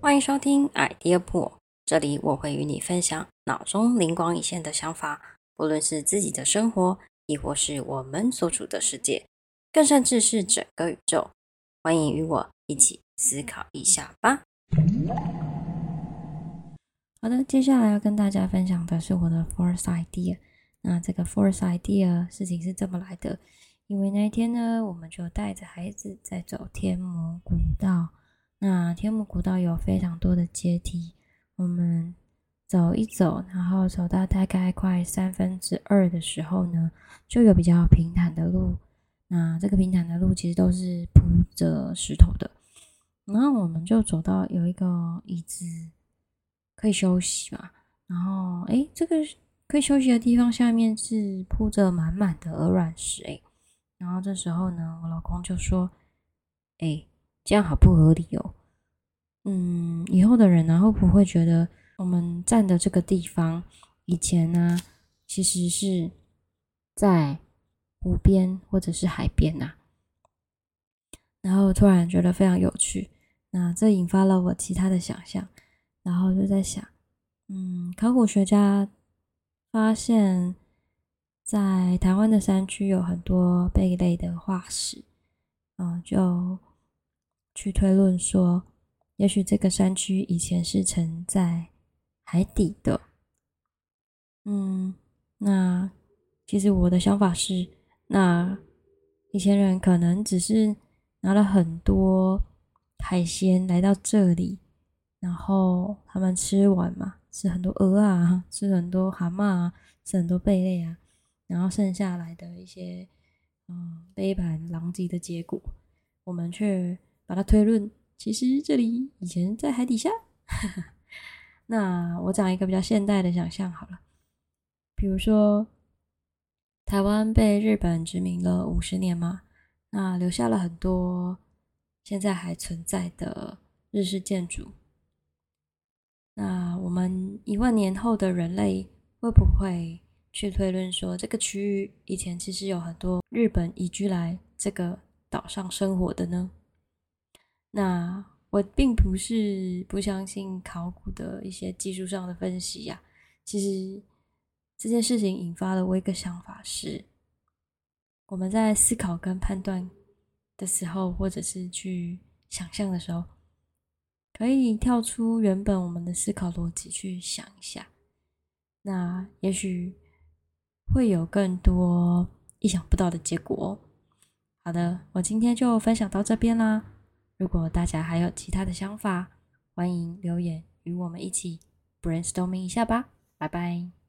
歡迎收聽《idea 破》，這裡我會與你分享腦中靈光一現的想法，不論是自己的生活，亦或是我們所處的世界，更甚至是整個宇宙。歡迎與我一起思考一下吧。好的，接下來要跟大家分享的是我的 Fourth Idea。那這個 Fourth Idea 事情是怎麼來的？因為那一天呢，我們就帶着孩子在走天母古道。那天母古道有非常多的階梯，我們走一走，然後走到大概快三分之二的時候呢，就有比較平坦的路。那這個平坦的路其實都是鋪着石頭的，然後我們就走到有一個椅子可以休息嘛，然後哎、欸，這個可以休息的地方下面是鋪着滿滿的鵝卵石哎、欸，然後這時候呢，我老公就說：“哎、欸，這樣好不合理哦。”嗯，以後的人呢，會不會覺得我們站的這個地方以前呢、啊，其實是在湖邊或者是海邊吶、啊？然後突然覺得非常有趣，那這引發了我其他的想象，然後就在想，嗯，考古學家發現在台灣的山區有很多貝類的化石，嗯，就去推論說。也許這個山區以前是沉在海底的，嗯，那其實我的想法是，那以前人可能只是拿了很多海鮮來到這裡，然後他們吃完嘛，吃很多蚵啊，吃很多蛤蟆啊，吃很多貝類啊，然後剩下來的一些，嗯，杯盤狼藉的結果，我們卻把它推論。其實這裡以前在海底下， 那我講一個比較現代的想象好了。比如說，台灣被日本殖民了五十年嘛，那留下了很多現在還存在的日式建築。那我們一萬年後的人類會不會去推論說，這個區域以前其實有很多日本移居來這個島上生活的呢？那我並不是不相信考古的一些技術上的分析呀，其實這件事情引發了我一個想法是，我們在思考跟判斷的時候，或者是去想象的時候，可以跳出原本我們的思考邏輯去想一下。那也許會有更多意想不到的結果。好的，我今天就分享到這邊啦。如果大家還有其他的想法，歡迎留言與我們一起 brainstorming 一下吧，拜拜。